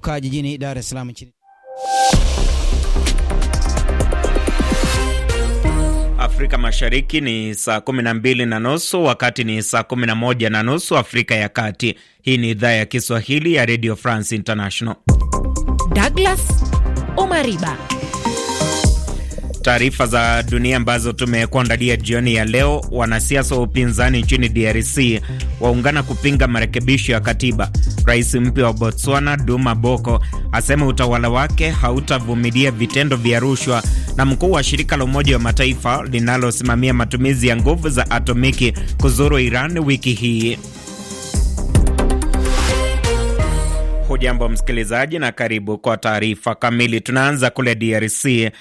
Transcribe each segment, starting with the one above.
kutoka jijini Dar es Salaam nchini Afrika Mashariki ni saa 12 na nusu, wakati ni saa 11 na nusu Afrika ya Kati. Hii ni idhaa ya Kiswahili ya Radio France International. Douglas Omariba Taarifa za dunia ambazo tumekuandalia jioni ya leo. Wanasiasa wa upinzani nchini DRC waungana kupinga marekebisho ya katiba. Rais mpya wa Botswana Duma Boko asema utawala wake hautavumilia vitendo vya rushwa, na mkuu wa shirika la Umoja wa Mataifa linalosimamia matumizi ya nguvu za atomiki kuzuru Iran wiki hii. Hujambo msikilizaji, na karibu kwa taarifa kamili. Tunaanza kule DRC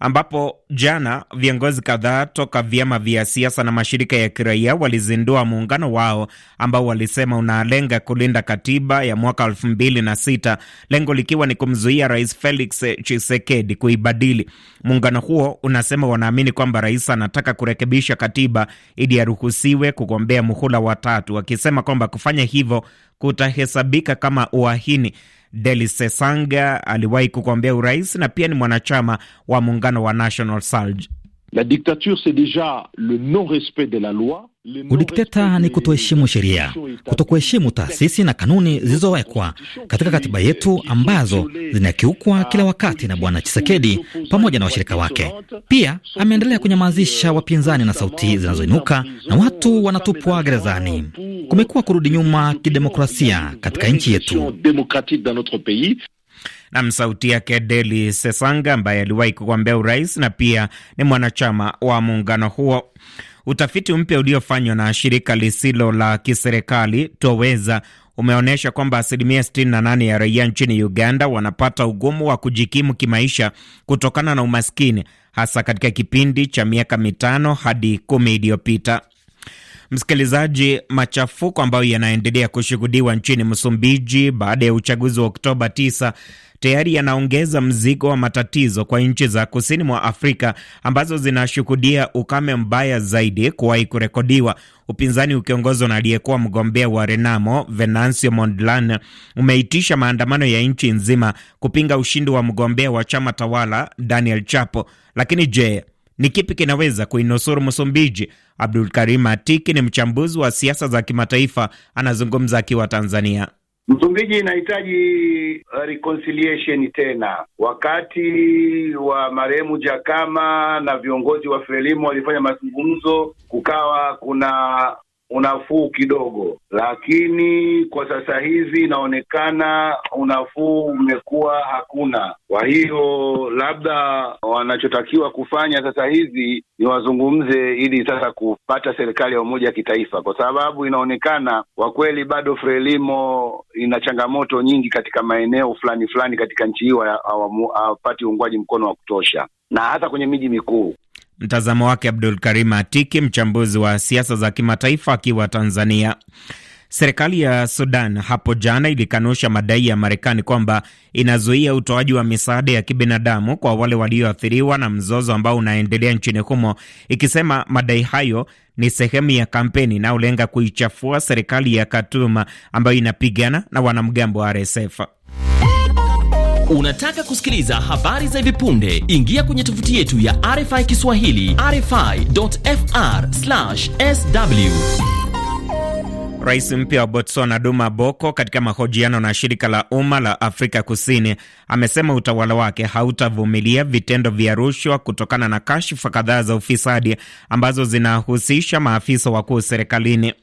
ambapo jana viongozi kadhaa toka vyama vya siasa na mashirika ya kiraia walizindua muungano wao ambao walisema unalenga kulinda katiba ya mwaka elfu mbili na sita, lengo likiwa ni kumzuia Rais Felix Tshisekedi kuibadili. Muungano huo unasema wanaamini kwamba rais anataka kurekebisha katiba ili aruhusiwe kugombea muhula watatu, wakisema kwamba kufanya hivyo kutahesabika kama uahini delisesanga aliwahi kugombea urais na pia ni mwanachama wa muungano wa National Surge. La dictature c'est deja le non respect de la loi Udikteta ni kutoheshimu sheria, kutokuheshimu taasisi na kanuni zilizowekwa katika katiba yetu ambazo zinakiukwa kila wakati na Bwana Chisekedi pamoja na washirika wake. Pia ameendelea kunyamazisha wapinzani na sauti zinazoinuka na watu wanatupwa gerezani. Kumekuwa kurudi nyuma kidemokrasia katika nchi yetu. Nam, sauti yake Deli Sesanga ambaye aliwahi kugombea urais na pia ni mwanachama wa muungano huo. Utafiti mpya uliofanywa na shirika lisilo la kiserikali Toweza umeonyesha kwamba asilimia 68 ya raia nchini Uganda wanapata ugumu wa kujikimu kimaisha kutokana na umaskini, hasa katika kipindi cha miaka mitano hadi kumi iliyopita. Msikilizaji, machafuko ambayo yanaendelea kushuhudiwa nchini Msumbiji baada ya uchaguzi wa Oktoba 9 tayari yanaongeza mzigo wa matatizo kwa nchi za kusini mwa Afrika ambazo zinashuhudia ukame mbaya zaidi kuwahi kurekodiwa. Upinzani ukiongozwa na aliyekuwa mgombea wa Renamo Venancio Mondlane umeitisha maandamano ya nchi nzima kupinga ushindi wa mgombea wa chama tawala Daniel Chapo. Lakini je, ni kipi kinaweza kuinusuru Msumbiji? Abdul Karim Atiki ni mchambuzi wa siasa za kimataifa, anazungumza akiwa Tanzania. Msumbiji inahitaji uh, reconciliation tena. Wakati wa marehemu Jakama na viongozi wa Frelimo walifanya mazungumzo, kukawa kuna unafuu kidogo, lakini kwa sasa hivi inaonekana unafuu umekuwa hakuna. Kwa hiyo labda wanachotakiwa kufanya sasa hivi ni wazungumze, ili sasa kupata serikali ya umoja wa kitaifa, kwa sababu inaonekana kwa kweli bado Frelimo ina changamoto nyingi katika maeneo fulani fulani katika nchi hiyo, hawapati uungwaji mkono wa kutosha, na hata kwenye miji mikuu. Mtazamo wake Abdul Karim Atiki, mchambuzi wa siasa za kimataifa akiwa Tanzania. Serikali ya Sudan hapo jana ilikanusha madai ya Marekani kwamba inazuia utoaji wa misaada ya kibinadamu kwa wale walioathiriwa na mzozo ambao unaendelea nchini humo, ikisema madai hayo ni sehemu ya kampeni inayolenga kuichafua serikali ya Khartoum ambayo inapigana na wanamgambo wa RSF. Unataka kusikiliza habari za hivi punde? Ingia kwenye tovuti yetu ya RFI Kiswahili, rfi.fr/sw. Rais mpya wa Botswana Duma Boko, katika mahojiano na shirika la umma la Afrika Kusini, amesema utawala wake hautavumilia vitendo vya rushwa kutokana na kashfa kadhaa za ufisadi ambazo zinahusisha maafisa wakuu serikalini.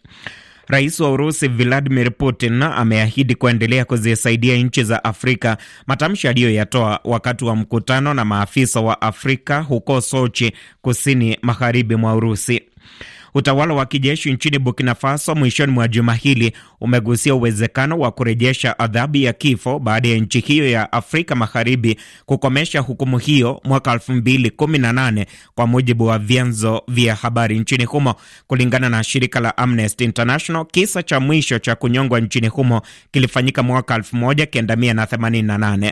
Rais wa Urusi Vladimir Putin ameahidi kuendelea kuzisaidia nchi za Afrika, matamshi aliyoyatoa wakati wa mkutano na maafisa wa Afrika huko Sochi, kusini magharibi mwa Urusi. Utawala wa kijeshi nchini Burkina Faso mwishoni mwa juma hili umegusia uwezekano wa kurejesha adhabu ya kifo baada ya nchi hiyo ya Afrika Magharibi kukomesha hukumu hiyo mwaka 2018 kwa mujibu wa vyanzo vya habari nchini humo. Kulingana na shirika la Amnesty International, kisa cha mwisho cha kunyongwa nchini humo kilifanyika mwaka 1988.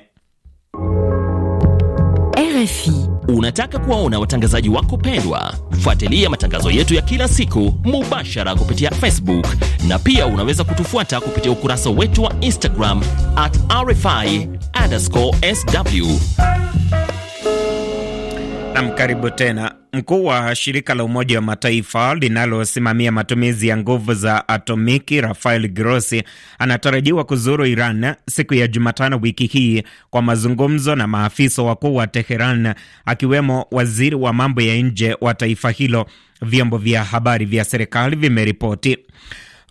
RFI. Unataka kuwaona watangazaji wako pendwa? Fuatilia matangazo yetu ya kila siku mubashara kupitia Facebook na pia unaweza kutufuata kupitia ukurasa wetu wa Instagram at RFI underscore sw. Nam, karibu tena Mkuu wa shirika la Umoja wa Mataifa linalosimamia matumizi ya nguvu za atomiki Rafael Grossi anatarajiwa kuzuru Iran siku ya Jumatano wiki hii kwa mazungumzo na maafisa wakuu wa Teheran, akiwemo waziri wa mambo ya nje wa taifa hilo, vyombo vya habari vya serikali vimeripoti.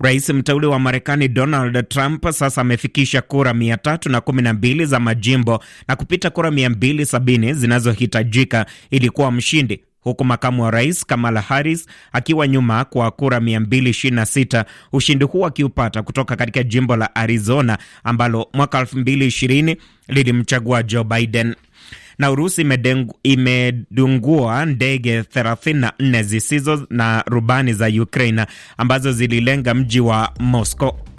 Rais mteule wa Marekani Donald Trump sasa amefikisha kura 312 za majimbo na kupita kura 270 zinazohitajika ili kuwa mshindi huku makamu wa rais Kamala Harris akiwa nyuma kwa kura 226, ushindi huu akiupata kutoka katika jimbo la Arizona ambalo mwaka 2020 lilimchagua Joe Biden na Urusi imedungua ndege 34 zisizo na rubani za ukrain ambazo zililenga mji wa Moscow.